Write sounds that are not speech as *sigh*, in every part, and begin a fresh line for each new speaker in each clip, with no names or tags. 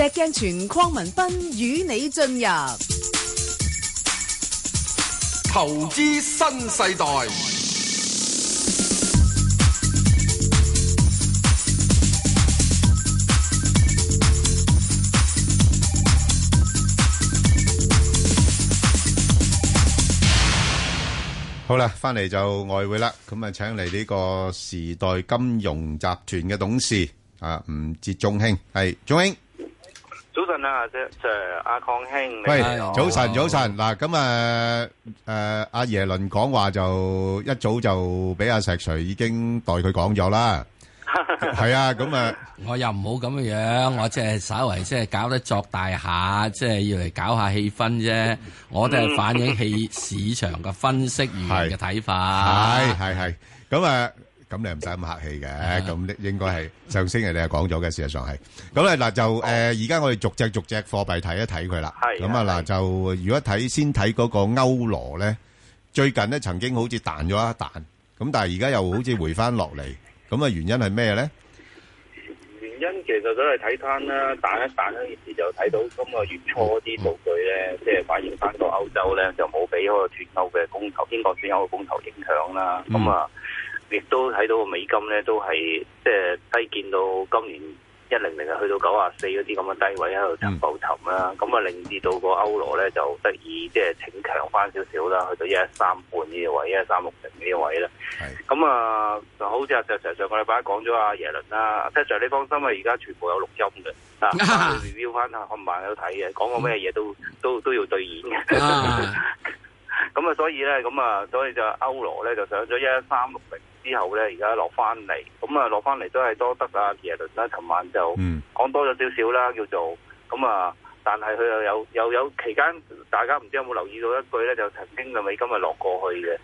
石鏡泉、鄺文斌與你進入
投資新世代。
好啦，翻嚟就外匯啦。咁啊，請嚟呢個時代金融集團嘅董事啊，吳捷鐘兄係鐘兄。
早晨啊，阿姐，阿強兄。喂，早晨，早晨。
嗱，咁啊，誒，阿耶倫講話就一早就俾阿石 sir，已經代佢講咗啦。係啊，咁啊，
我又唔好咁嘅樣，我即係稍為即係搞得作大下，即係要嚟搞下氣氛啫。
我哋係反映市市場嘅分析員嘅睇法，係係係。咁啊。咁你唔使咁客氣嘅，咁應該係上星期你係講咗嘅，事實上係咁啊嗱，就誒而家我哋逐隻逐隻貨幣睇一睇佢啦。咁啊嗱，就如果睇先睇嗰個歐羅咧，最近咧曾經好似彈咗一彈，咁但係而家又好似回翻落嚟，咁啊原因係咩咧？
原因
其實都係睇攤啦，彈一彈嗰陣時就睇到今個月初啲數據咧，即係反映翻到歐洲咧就冇俾嗰個脫歐嘅公投英國脫歐嘅公投影響啦，咁啊。亦都睇到個美金咧，都係即係低見到今年一零零啊，去到九啊四嗰啲咁嘅低位喺度浮浮沉啦。咁啊，令至到個歐羅咧就得以即係挺強翻少少啦，去到一三半呢個位，一三六零呢個位啦。咁啊，就好似阿石 sir 上上個禮拜講咗阿耶倫啦，阿石 sir 你放心啊，而家全部有錄音嘅，啊 review 翻啊，我唔慢去睇嘅，講過咩嘢都都都要兌現嘅。咁啊，所以咧，咁啊，所以就歐羅咧就上咗一三六零。之後咧，而家落翻嚟，咁啊落翻嚟都係多得啊耶倫啦。琴晚就講多咗少少啦，叫做咁啊、嗯。但係佢又有又有，有，有期間，大家唔知有冇留意到一句咧，就曾經個美金咪落過去嘅。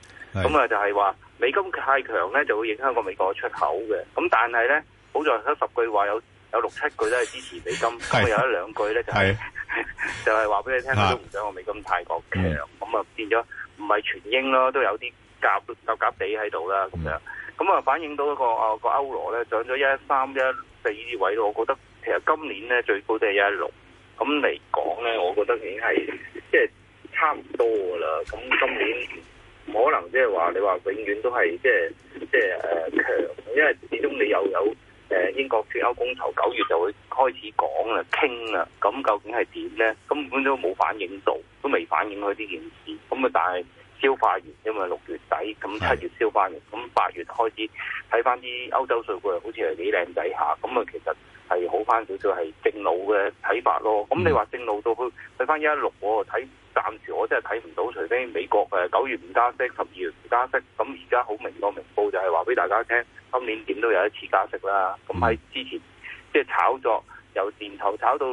咁啊是、嗯，就係、是、話美金太強咧，就會影響個美國出口嘅。咁、嗯、但係咧，好在嗰十句話有有六七句都係支持美金，咁是有一兩是句咧就係、是、是 *laughs* 就係話俾你聽，都唔想我美金太過強。咁啊、嗯，嗯、變咗唔係全鷹咯，都有啲。夾夾夾地喺度啦，咁樣、嗯，咁啊、嗯、反映到一、嗰個啊、嗰個歐羅咧，上咗一三一四啲位咯。我覺得其實今年咧最高都係一六，咁嚟講咧，我覺得已經係即係差唔多噶啦。咁今年可能即係話你話永遠都係即係即係誒強，因為始終你又有誒、呃、英國脫歐公投九月就會開始講啦、傾啦，咁究竟係點咧？根本都冇反映到，都未反映佢呢件事。咁啊，但係。消化完，因為六月底咁七月消化完，咁八是的 月開始睇翻啲歐洲數據，好似係幾靚仔下，咁啊其實係好翻少少係正路嘅睇法咯。咁、嗯、你話正路到去睇翻一六，睇暫時我真係睇唔到，除非美國誒九月唔加息，十二月唔加息。咁而家好明個明報就係話俾大家聽，今年點都有一次加息啦。咁喺之前即係、就是、炒作由年頭炒到。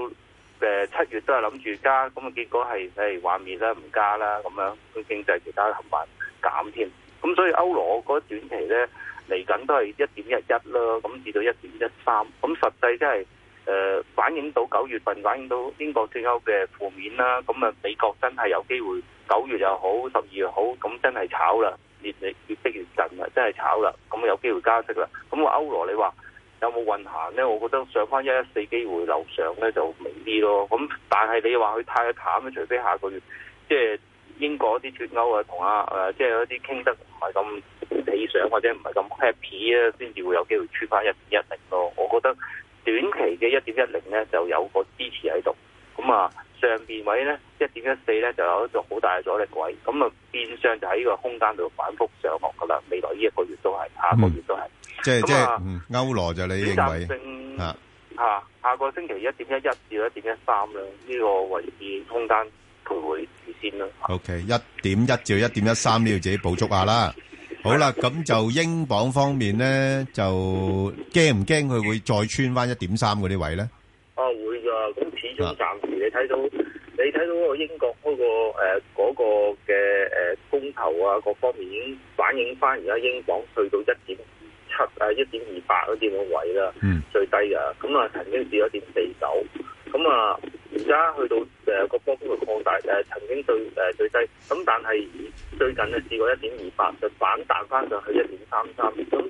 嘅七月都係諗住加，咁啊結果係係幻滅啦，唔加啦，咁樣佢經濟其他行能減添，咁所以歐羅嗰段期咧，嚟緊都係一點一一，咯，咁至到一點一三，咁實際即係誒反映到九月份，反映到英國脫歐嘅負面啦，咁啊美國真係有機會九月又好，十二月好，咁真係炒啦，越嚟越逼越震啦，真係炒啦，咁有機會加息啦，咁話歐羅你話？有冇運行咧？我覺得上翻一一四機會樓上咧就明啲咯。咁但係你話佢太淡除非下個月即係英國啲脫歐啊，同啊即係有一啲傾得唔係咁理想或者唔係咁 happy 啊，先至會有機會出翻一點一零咯。我覺得短期嘅一點一零咧就有個支持喺度。咁啊上邊位咧一點一四咧就有一個好大嘅阻力位。咁啊變相就喺呢個空間度反覆上落㗎啦。未來呢一個月都係，下個月都係。
即係即係，歐羅就你認為啊？吓，下
個星期一點一一至到一點一三啦，呢個位置空間佢會止
先咧？O K，一點一至到一點一三都要自己補足下啦。好啦，咁就英鎊方面咧，就驚唔驚佢會再穿翻一點三嗰啲位咧？
哦，會噶。咁始終暫時你睇到，你睇到個英國嗰個誒嗰個嘅誒公投啊，各方面已經反映翻而家英鎊去到一點。誒、嗯，一點二八嗰啲位啦，最低噶，咁啊曾經試咗一點四九，咁啊而家去到誒個波幅擴大誒，曾經最誒最低，咁但係最近咧試過一點二八，就反彈翻上去一點三三，咁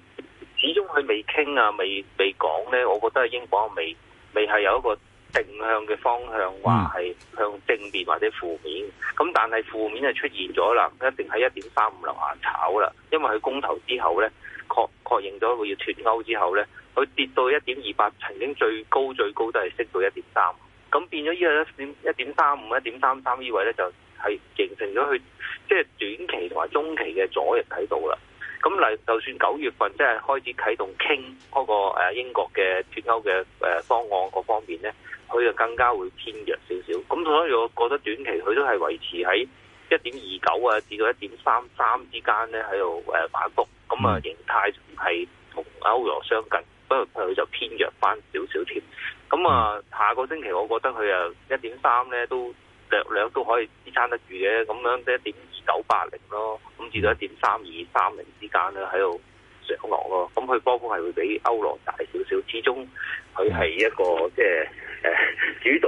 始終佢未傾啊，未未講咧，我覺得英國未未係有一個定向嘅方向，話係向正面或者負面，咁、嗯嗯、但係負面啊出現咗啦，一定喺一點三五樓下炒啦，因為佢公投之後咧。確確認咗佢要脱歐之後呢，佢跌到一點二八，曾經最高最高都係升到一點三，咁變咗呢個一點一點三五、一點三三呢位呢，就係、是、形成咗佢即係短期同埋中期嘅阻力喺度啦。咁嚟就算九月份即係開始啟動傾嗰個英國嘅脱歐嘅誒方案各方面呢，佢就更加會偏弱少少。咁所以我覺得短期佢都係維持喺一點二九啊至到一點三三之間呢，喺度誒反覆。咁啊，嗯、形態係同歐羅相近，不過佢就偏弱翻少少添。咁、嗯、啊，嗯、下個星期我覺得佢啊一點三咧都略略都可以支撐得住嘅，咁樣即一點二九八零咯。咁至到一點三二三零之間咧喺度上落咯。咁佢波幅係會比歐羅大少少，始終佢係一個、嗯、即係誒、呃、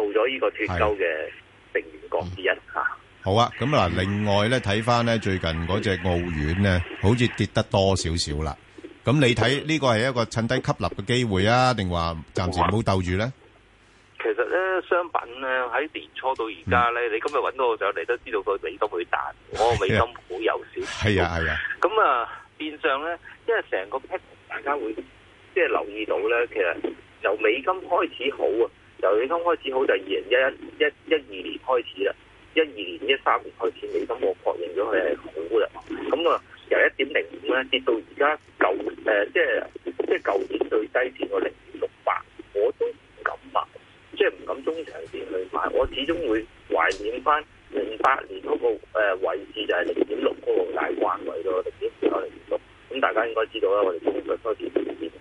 主導咗呢個脱鉤嘅成員國之一嚇。嗯嗯。
好啊，咁嗱，另外咧睇翻咧最近嗰隻澳元咧，好似跌得多少少啦。咁你睇呢個係一個趁低吸納嘅機會啊，定話暫時唔好斗住咧？
其實咧，商品咧喺年初到而家咧，你今日揾到我就嚟得，你都知道個美金會彈，我美金好有少少。
係啊係啊。
咁啊，變相咧，因為成個 pet，大家會即係留意到咧，其實由美金開始好啊，由美金開始好就係二零一一一一二年開始啦。一二年、一三年開始，嚟，咁我確認咗佢係好嘅。咁、嗯、啊，由一點零五咧跌到而家舊誒，即係即係舊年最低跌到零點六八，我都唔敢買，即係唔敢中長線去買。我始終會懷念翻零八年嗰個、呃、位置，就係零點六嗰個大關位咯、嗯，零點零多。咁大家應該知道啦，我哋應該開始轉變。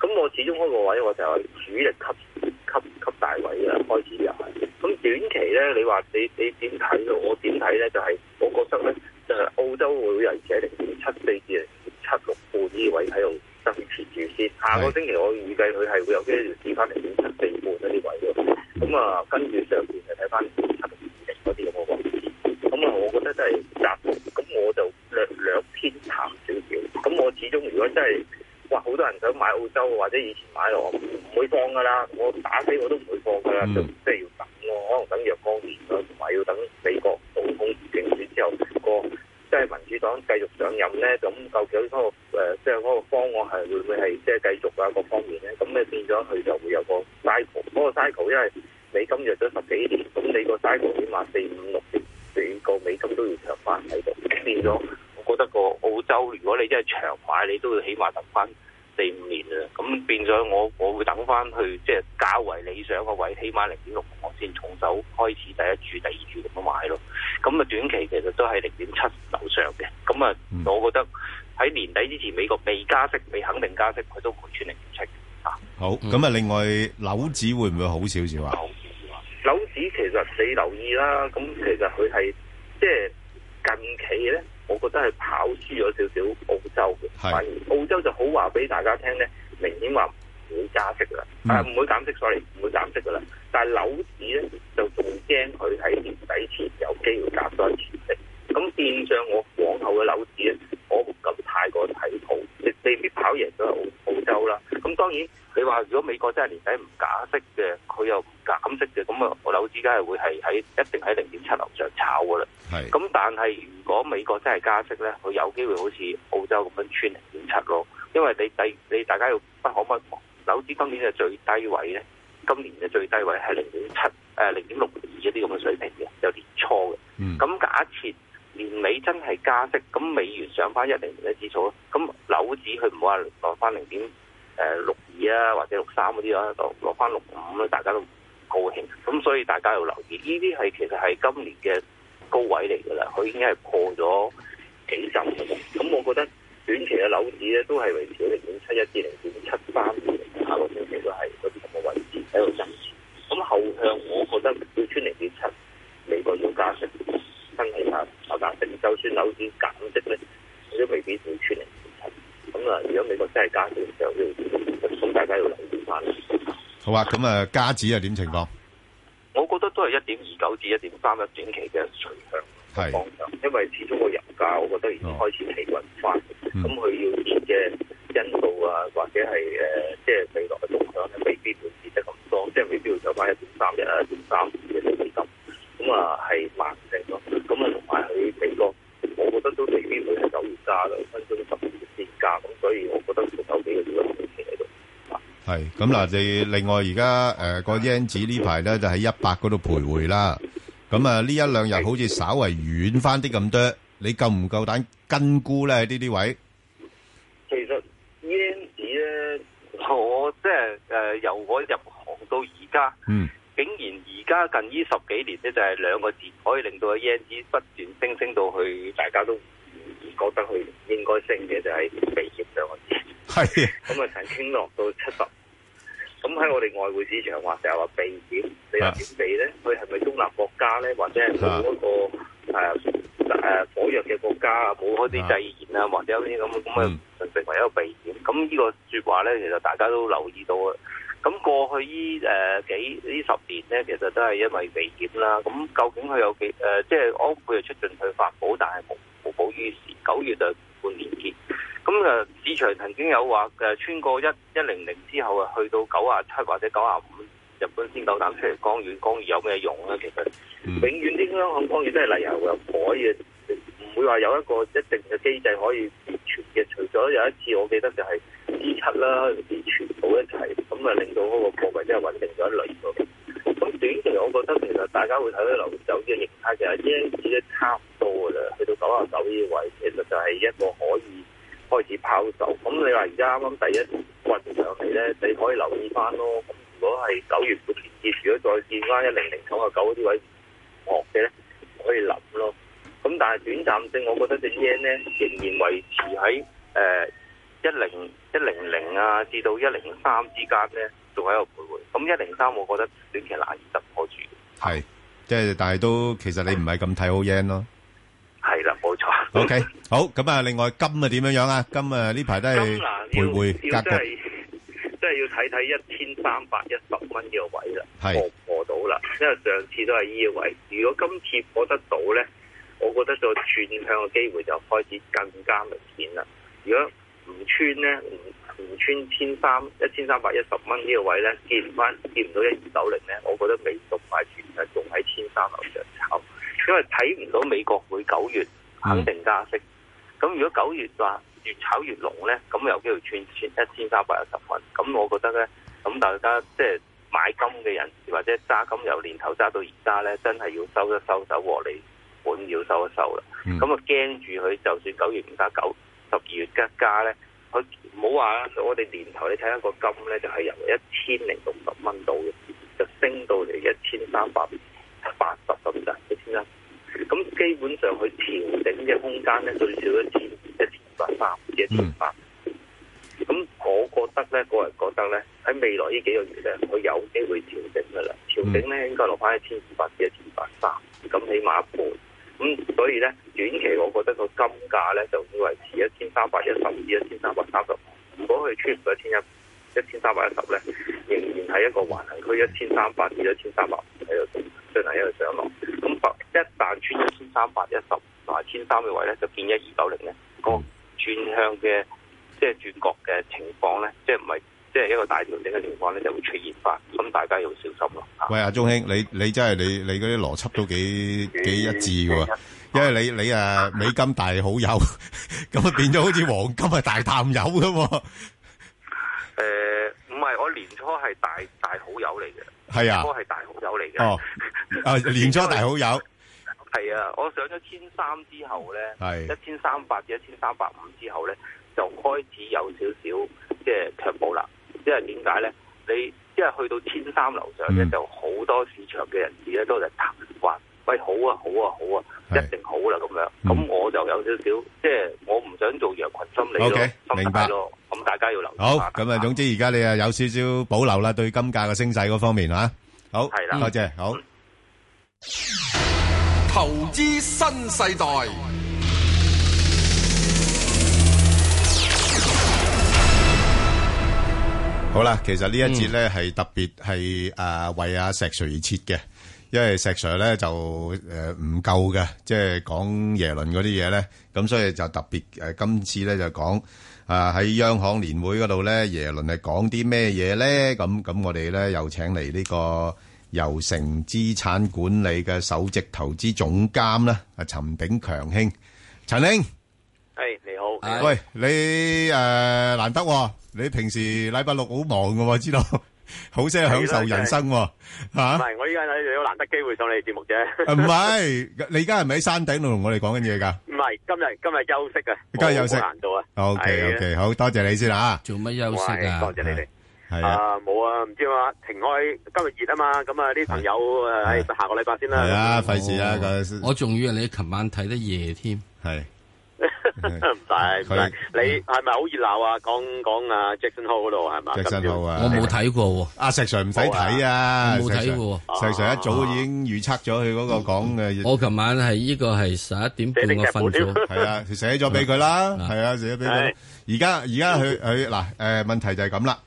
咁我始終嗰個位，我就係主力級級級,級大位啦，開始又係。咁短期咧，你話你你點睇？我點睇咧？就係、是、我覺得咧，就是、澳洲會由零點七四至零點七六半呢位喺度支持住先。下個星期我預計佢係會有機會跌翻零點七四半呢啲位咁啊，跟住上邊就睇翻零點七六零嗰啲咁嘅位置。咁、嗯、啊，我覺得真係窄，咁我就略略偏淡少少。咁我始終如果真係話好多人想買澳洲或者以前買，我唔會放㗎啦，我打死我都唔會放㗎啦，即要。等若干年咯，同埋要等美國總統選選之後過，即係民主黨繼續上任咧，咁究竟嗰個即係嗰個方案係會唔會係即係繼續啊各方面咧？咁你變咗佢就會有個 cycle，嗰個 cycle，因為美金弱咗十幾年，咁你個 cycle 起碼四五六年，整個美金都要長翻喺度。變咗，我覺得個澳洲如果你真係長買，你都要起碼等翻四五年啊！咁變咗，我我會等翻去即係較為理想嘅位，起碼零點六。走開始第一注、第二注咁樣買咯。咁啊，短期其實都係零點七手上嘅。咁啊，嗯、我覺得喺年底之前，美國未加息，未肯定加息，佢都唔會穿零點七。啊，
好。咁啊、嗯，另外樓子會唔會好少少啊？
樓子其實你留意啦，咁其實佢係即係近期咧，我覺得係跑輸咗少少澳洲嘅。
係
是。
澳洲就好話俾大家聽咧，明顯話。唔會加息噶啦，唔、嗯、會減息。所以唔會減息噶啦。但係樓市咧就仲驚佢喺年底前有機會減咗。前息。咁變相，我往後嘅樓市咧，我唔敢太過睇好。即係你未必跑贏咗澳澳洲啦。咁當然你話如果美國真係年底唔加息嘅，佢又唔減息嘅，咁、那、啊、個、樓市梗係會係喺一定喺零點七樓上炒噶啦。係是。咁但係如果美國真係加息咧，佢有機會好似澳洲咁樣穿零點七咯。因為你第你大家要可唔可以。樓指今年嘅最低位咧，今年嘅最低位係零點七，誒零點六二一啲咁嘅水平嘅，有年初嘅。咁、嗯、假設年尾真係加息，咁美元上翻一零年嘅指數咧，咁樓指佢唔好話落翻零點誒六二啊，或者六三嗰啲咧，就落翻六五咧，大家都唔高興。咁所以大家要留意，呢啲係其實係今年嘅高位嚟㗎啦，佢已經係破咗幾十年。咁我覺得。短期嘅樓市咧，都係維持喺零點七一至零點七三嘅下落，短期都係嗰啲咁嘅位置喺度震。咁後向，我覺得要穿零點七，美國要加息，真係要加息。就算樓市減息咧，都未必會穿零點七。咁啊，如果美國真係加息，就要咁大家要留意翻。
好啊，咁啊，加指係點情況？
我覺得都係一點二九至一點三一短期嘅趨向方向，是因為始終個油價，我覺得已經開始企穩翻。哦。咁佢要跌嘅因素啊，或者係誒，即係未來嘅動向，係未必會跌得咁多，即係未必會走翻一兩三日啊，一兩三日嘅資金，咁啊係慢升咯。咁啊同埋佢美國，我覺得都未必會走跌價咯，分分鐘十嘅先價。咁所以，我覺得有幾樣嘢嘅風險
喺度。係，咁嗱，你另外而家誒個 Yen 紙呢排咧就喺一百嗰度徘徊啦。咁啊呢一兩日好似稍為軟翻啲咁多。你夠唔夠膽根估咧？呢啲位，
其實 Yen 紙咧，我即係誒，由我入行到而家，嗯、竟然，而家近呢十幾年咧，就係兩個字可以令到嘅 Yen 紙不斷升，升到去，大家都唔覺得佢應該升嘅，就係、是、避險兩個字。係咁啊，曾經落到七十，咁喺我哋外匯市場話成日話避險，你又點避咧？佢係咪中立國家咧，或者係冇嗰個？啊係，誒、啊，薄弱嘅國家啊，冇嗰啲制憲啊，或者啲咁咁嘅形式，成為一個避險。咁、嗯、呢個説話咧，其實大家都留意到啊。咁過去依誒、呃、幾呢十年咧，其實都係因為避險啦。咁究竟佢有幾誒、呃？即係安倍又出盡佢法寶，但係無無補於事。九月就半年結。咁啊，市場曾經有話誒、呃，穿過一一零零之後啊，去到九啊七或者九啊五。日本先夠膽出嚟，講軟，講軟有咩用咧？其實永遠啲香港講軟都係理由嘅，唔可以唔會話有一個一定嘅機制可以存嘅。除咗有一次，我記得就係 G7 啦，連傳到一齊，咁啊令到嗰個貨櫃真係穩定咗一輪，咁短期我覺得其實大家會睇到樓走嘅形態，其實啲 A 差唔多噶啦，去到九啊九呢位，其實就係一個可以開始拋售。咁你話而家啱啱第一運上嚟咧，你可以留意翻咯。如果係九月份結，如果再見翻一零零九啊九啲位落嘅咧，可以諗咯。咁但係短暫性，我覺得隻 yen 咧仍然維持喺誒一零一零零啊，至到一零三之間咧，仲喺度徘徊。咁一零三，我覺得短期難以突破住。
係，即係但係都其實你唔係咁睇好 yen 咯。係啦，冇錯。 *laughs* o、okay. K，好。咁啊，另外金啊點樣樣啊？金啊呢排都係徘徊格局。
跳即係要睇睇一千三百一十蚊呢個位啦，破唔破到啦？因為上次都係呢個位，如果今次破得到呢，我覺得個轉向嘅機會就開始更加明顯啦。如果唔穿呢，唔唔穿千三一千三百一十蚊呢個位呢，見唔翻見唔到一二九零呢，我覺得未動快錢仲喺千三樓上炒，因為睇唔到美國會九月肯定加息，咁、嗯、如果九月話。越炒越濃呢，咁有機會穿穿一千三百一十蚊。咁我覺得呢，咁大家即係買金嘅人士或者揸金由年頭揸到而家呢，真係要收一收手喎，你本要收一收啦。咁啊驚住佢，就算九月唔加九，十二月加加呢，佢唔好話啦。我哋年頭你睇下個金呢，就係由一千零六十蚊到嘅，就升到你一千三百八十咁滯嘅先啦。咁基本上佢調整嘅空間呢，最少一千。三至一千二百，咁我覺得咧，個人覺得咧，喺未來呢幾個月咧，oh, 我有機會調整噶啦。調整咧，應該落翻一千二百至一千二百三，咁起碼一半。咁所以咧，短期我覺得個金價咧就會維持一千三百一十至一千三百三十。如果佢穿唔到一千一一千三百一十咧，仍然喺一個橫行區，一千三百至一千三百喺度，再嚟一度上落。咁一旦穿一千三百一十同埋千三嘅位咧，就變一二九零咧，高。轉向嘅，即係轉角嘅情況咧，即係唔係即係一個大調整嘅情況咧，就會出現返，咁大家要小
心咯。喂，阿鍾兄，你你真係你你嗰啲邏輯都幾幾一致嘅喎，嗯、因為你你啊美金大好友，咁 *laughs* 啊變咗好似黃金啊大淡友咁。誒 *laughs* 、
呃，唔係我年初係大大好友嚟嘅，係啊，年初係大好友嚟嘅， *laughs* 哦、啊，年初大好友。係啊，我上咗千三之後咧，一千三百至一千三百五之後咧，就開始有少少即係卻步啦。因為點解咧？你即係去到千三樓上咧，就好多市場嘅人士咧都係談慣，喂，好啊好啊好啊，一定好啦咁樣。咁我就有少少即係我唔想做羊群心理。O K，明白咯。咁大家要留意好，
咁啊，總之而家你啊有少少保留啦，對金價嘅升勢嗰方面啊，好，多謝好。投資新世代。好啦，其實呢一節呢係特別係誒為阿石 Sir 由誠資產管理嘅首席投資總監啦，阿陳炳強兄，陳兄，係，你好，喂，你誒難得，你平時禮拜六好忙㗎，知道，好識享受人生，吓，唔係，我依家係有難
得機會上你哋節目啫，唔係，
你而家係咪喺山頂度同我哋講緊嘢噶？唔係，今日
今日休息啊，今日休息，有咩難度啊？OK
OK，好多謝你先吓，做乜休息啊？多謝你哋。
係啊，冇啊，唔知啊。停開，今日熱啊嘛，咁啊啲朋友誒，喺下個禮拜先啦。係啊，費事啊，
我仲以為你琴晚睇得夜添，係唔
係？佢你係咪好熱鬧啊？
講講阿 Jackson Hole
嗰度係嘛？Jackson Hole
啊，我冇睇過阿石 Sir，唔使睇啊，冇睇過石 Sir，一早已
經預測咗佢嗰個講嘅。我琴晚係呢個係十一點半嘅，瞓早係啊，寫咗俾佢啦，係啊，寫咗俾佢。而家而家佢佢嗱誒，問題就係咁啦。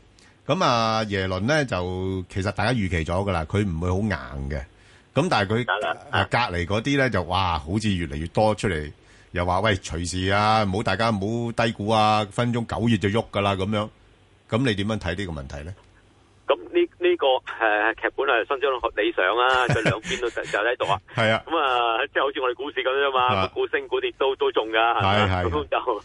咁啊，耶倫咧就其實大家預期咗噶啦，佢唔會好硬嘅。咁但係佢的隔籬嗰啲咧就哇，好似越嚟越多出嚟，又話喂，隨時啊，唔好大家唔好低估啊，分鐘九月就喐噶啦，咁樣。咁你點樣睇呢個問題咧？
咁呢呢個誒劇、呃、本係新張理想啊，佢兩邊都在就喺、是、度啊。係 *laughs* 啊。咁啊，即係好似我哋股市咁樣嘛，股升股跌都都中噶。係係對。咁就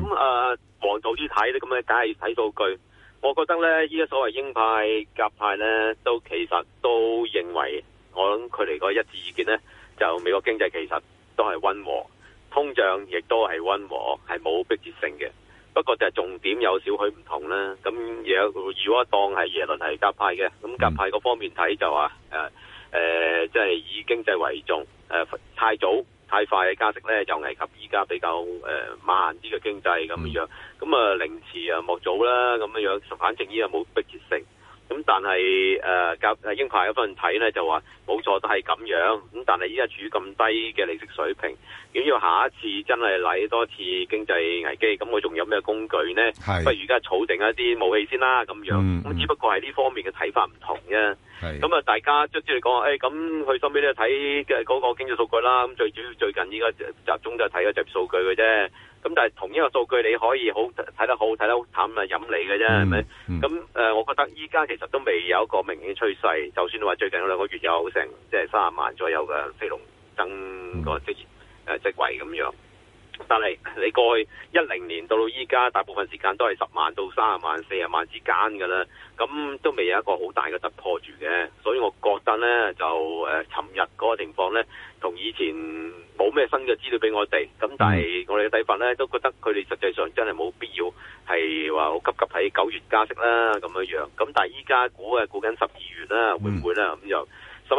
咁啊，望早啲睇咧，咁咧梗係睇數據。我覺得呢，依家所謂鷹派、鴿派呢，都其實都認為，我諗佢哋個一致意見呢，就美國經濟其實都係温和，通脹亦都係温和，係冇迫切性嘅。不過就係重點有少許唔同啦。咁如果當係耶倫係鴿派嘅，咁鴿派個方面睇就話誒誒，即、呃、係、呃就是、以經濟為重，誒、呃、太早。太快嘅加息咧，又危及依家比較誒慢啲嘅經濟。咁樣樣咁啊凌遲啊莫早啦咁樣樣，反正依個冇迫切性。 *music* *music* *music* 咁但係誒，鷹派有份人睇咧，就話冇錯都係咁樣。咁但係依家處於咁低嘅利息水平，如果要下一次真係嚟多次經濟危機，咁我仲有咩工具呢？是不如而家儲定一啲武器先啦。咁樣，咁、嗯、只不過係呢方面嘅睇法唔同啫。咁啊是，就大家即係知你講話誒，咁佢身邊都係睇嗰個經濟數據啦。咁最主要最近依家集中就係睇嗰隻數據嘅啫。咁但係，同一個數據你可以好睇得好，睇得好淡，啊！飲你嘅啫，係咪吧？咁誒、嗯，我覺得依家其實都未有一個明顯趨勢。就算話最近兩個月有成即係三十萬左右嘅非農增個職業誒職位咁樣，但係你過去一零年到到依家，大部分時間都係十萬到三十萬、四十萬之間嘅啦。咁都未有一個好大嘅突破住嘅，所以我覺得呢，就誒，尋、呃、日嗰個情況呢，同以前冇咩新嘅資料俾我哋。咁但係。都覺得佢哋實際上真係冇必要係話好急急喺九月加息啦咁樣樣，咁但係依家估，估啊估緊十二月啦，會唔會咧？咁、嗯、就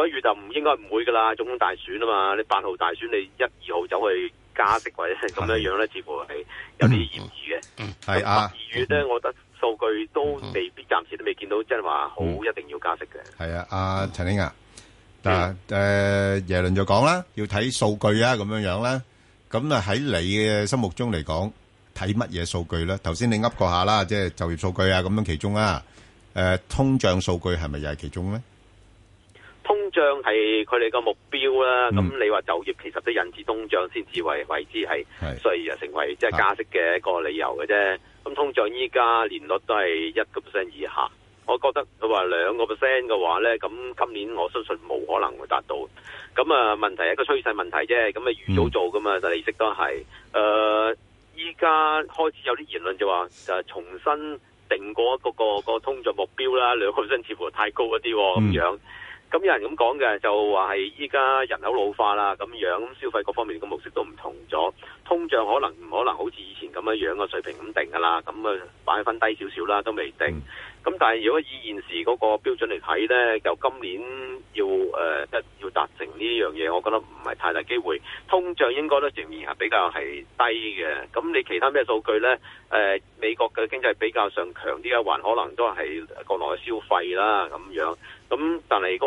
十一月就唔應該唔會噶啦，總統大選啊嘛，你八號大選你一、二號走去加息或者咧，咁樣樣咧，的似乎係有啲嫌疑嘅。的嗯，
係啊，十
二月咧，我覺得數據都未必暫時都未見到真係話好一定要加息嘅。
係啊，阿陳玲啊，嗱，誒的耶倫就講啦，要睇數據啊，咁樣樣啦。咁啊喺你嘅心目中嚟講，睇乜嘢數據咧？頭先你噏過下啦，即係就業數據啊，咁樣其中啊，誒，通脹數據係咪又係其中咧？
通脹係佢哋個目標啦。咁你話就業其實都引致通脹先至為為之係，所以又成為即係加息嘅一個理由嘅啫。咁通脹依家年率都係一個 percent 以下。我覺得佢話兩個 percent 嘅話呢，咁今年我相信冇可能會達到。咁啊，問題係一個趨勢問題啫。咁啊預早做噶嘛，嗯、但利息都係。誒、呃，依家開始有啲言論就話就是、重新定過嗰、嗰個、嗰個通脹目標啦，兩個 percent 似乎太高一啲咁、嗯、樣。咁有人咁講嘅就話係依家人口老化啦，咁樣消費各方面嘅模式都唔同咗，通脹可能唔可能好似以前咁樣樣嘅水平咁定噶啦？咁啊擺翻低少少啦，都未定。嗯。咁但係如果以現時嗰個標準嚟睇呢，就今年要誒、呃、要達成呢樣嘢，我覺得唔係太大機會。通脹應該都仍然係比較係低嘅。咁你其他咩數據呢？誒、呃、美國嘅經濟比較上強啲啊，還可能都係國內消費啦咁樣。咁但係嗰、那個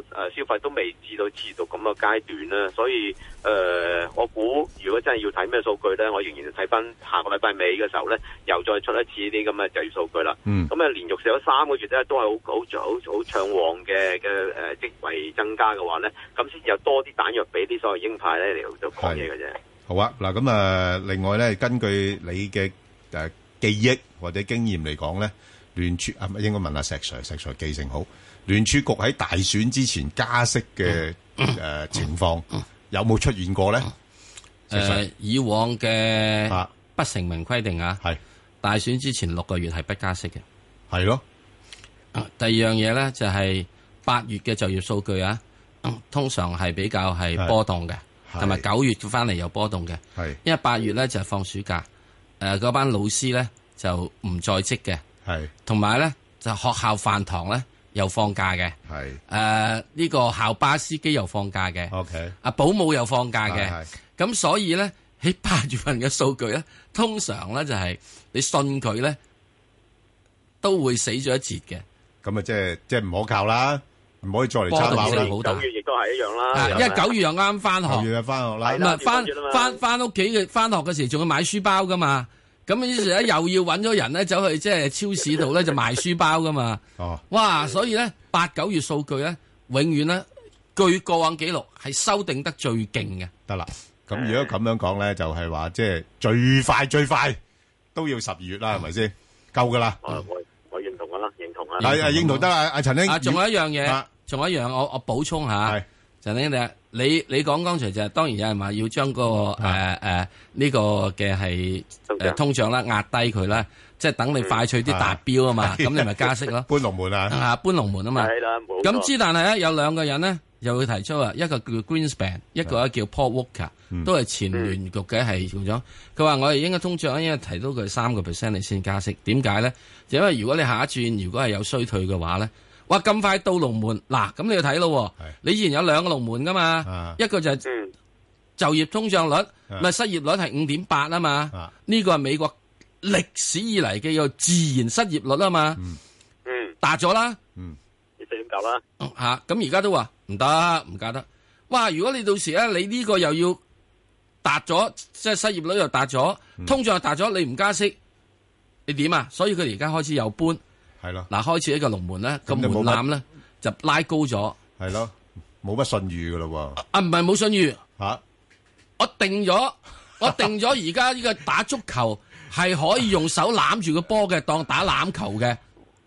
誒、呃、消費都未至到至到咁嘅階段啦，所以誒、呃、我估如果真係要睇咩數據咧，我仍然睇翻下個禮拜尾嘅時候咧，又再出一次呢啲咁嘅就業數據啦。嗯。咁啊，連續食咗三個月咧，都係好好好好暢旺嘅嘅誒職位增加嘅話咧，咁先至有多啲彈藥俾啲所謂鷹派咧嚟到講嘢嘅啫。
好啊，嗱咁啊，另外咧，根據你嘅誒、啊、記憶或者經驗嚟講咧。聯儲啊，唔應該問阿石 Sir。石 Sir 記性好，聯儲局喺大選之前加息嘅誒、嗯嗯呃、情況有冇出現過咧？
誒、呃，以往嘅不成文規定啊，係、啊、大選之前六個月係不加息嘅，係咯、嗯。第二樣嘢咧就係、是、八月嘅就業數據啊，通常係比較係波動嘅，同埋九月翻嚟有波動嘅，係是因為八月咧就是、放暑假，誒、呃、嗰班老師咧就唔在職嘅。係，同埋咧就是、學校飯堂咧又放假嘅，係是，誒呢、呃這個校巴司機又放假嘅，OK，阿、啊、保姆又放假嘅，咁、哎哎、所以咧喺八月份嘅數據咧，通常咧就係你信佢
咧都會死咗一截嘅，咁啊即係即係唔可靠啦，唔可以再嚟參考啦。九不月亦都係一樣啦，因為九月又啱翻學，九月翻學啦，唔係翻翻
翻屋企嘅翻學嘅時仲要買書包噶嘛。咁於是咧又要揾咗人咧走去即係超市度咧就賣書包噶嘛，哦、哇！所以咧八九月數據咧永遠咧據過往記錄係修訂得最勁嘅。得啦，
咁如果咁樣講咧，就係、是、話即係最快最快都要十二月啦，係咪先？夠噶啦。我我認同噶啦，認同啦。係係、嗯、對認同得啦，阿陳兄。仲、啊啊、有一樣嘢，
仲、啊、有一樣我我補充下。係陳兄你。你你講剛才就係當然有人話要將嗰、那個誒呢、啊啊這個嘅係通脹啦，壓低佢啦，即係等你快脆啲達標啊嘛，咁、啊、你咪加息咯。 *laughs* 搬龍門啊？啊，搬龍門啊嘛。係啦，冇錯。咁之但係咧，有兩個人呢又會提出啊，一個叫 Greenspan，一個叫 Paul Volcker 都係前聯局嘅係做咗。佢話、嗯嗯、我哋應該通脹咧，應該提到佢三個 percent 先加息。點解咧？就是、因為如果你下一轉如果係有衰退嘅話咧。話咁快到龍門嗱，咁、啊、你要睇咯。的你以前有兩個龍門噶嘛，啊、一個就係就業通脹率，咪、啊、失業率係五點八啊嘛。呢、啊、個係美國歷史以嚟嘅個自然失業率啊嘛。嗯，達咗啦，
二四點
九啦。吓、嗯，咁而家都話唔得，唔加得。哇，如果你到時咧，你呢個又要達咗，即係失業率又達咗，通脹又達咗，你唔加息，你點啊？所以佢哋而家開始又搬。係咯，嗱，開始一個龍門咧，個門檻咧就拉高咗。係咯，冇乜信譽噶咯喎。啊，唔係冇信譽吓，我定咗，我定咗而家呢個打足球係可以用手攬住個波嘅，當打欖球嘅。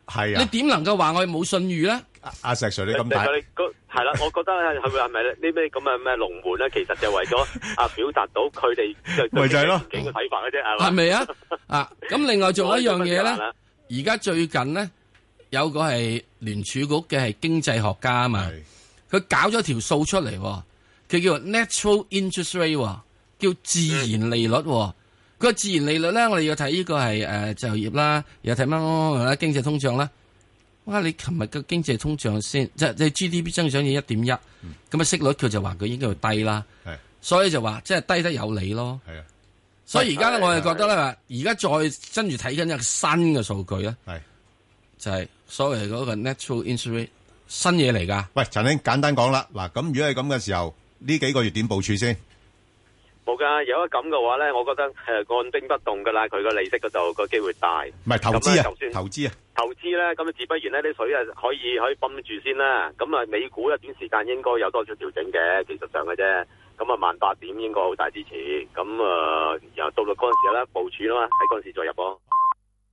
係啊。你點能夠話我哋冇信譽咧？
阿石 Sir，
你咁睇？係啦，我覺得係咪係咪呢咩咁嘅咩龍門咧？其實就為咗啊，表達到佢哋就就幾個睇法嘅啫。係咪？係咪啊？
啊，咁另外仲有一樣嘢咧。而家最近咧，有個係聯儲局嘅係經濟學家啊嘛，佢的搞咗條數出嚟，佢叫做 natural interest rate，叫自然利率。個、嗯、自然利率咧，我哋要睇呢個係誒就業啦，又睇乜乜乜乜經濟通脹啦。哇！你琴日嘅經濟通脹先，即係、即係、GDP 增長要一點一，咁啊息率佢就話佢應該會低啦，的所以就話即係低得有理咯。
所以而家咧，是我係
覺得咧，而家再跟住睇緊一個
新嘅數據咧，是就係所謂嗰個 natural interest 新嘢嚟噶。喂，陳兄，簡單講啦，嗱，咁如果係咁嘅時候，呢幾個月點部署先？
冇噶，有得咁嘅話咧，我覺得係按、呃、兵不動噶啦，佢個利息嗰度個機會大。
唔係投資啊，就算投資啊，
投資咧咁自不然呢啲水啊可以可以泵住先啦。咁啊，美股一段時間應該有多少調整嘅技術上嘅啫。咁啊，萬八點應該好大支持，咁啊、呃，然後到到嗰陣時啦，部署啦嘛，喺嗰陣時再入咯、啊。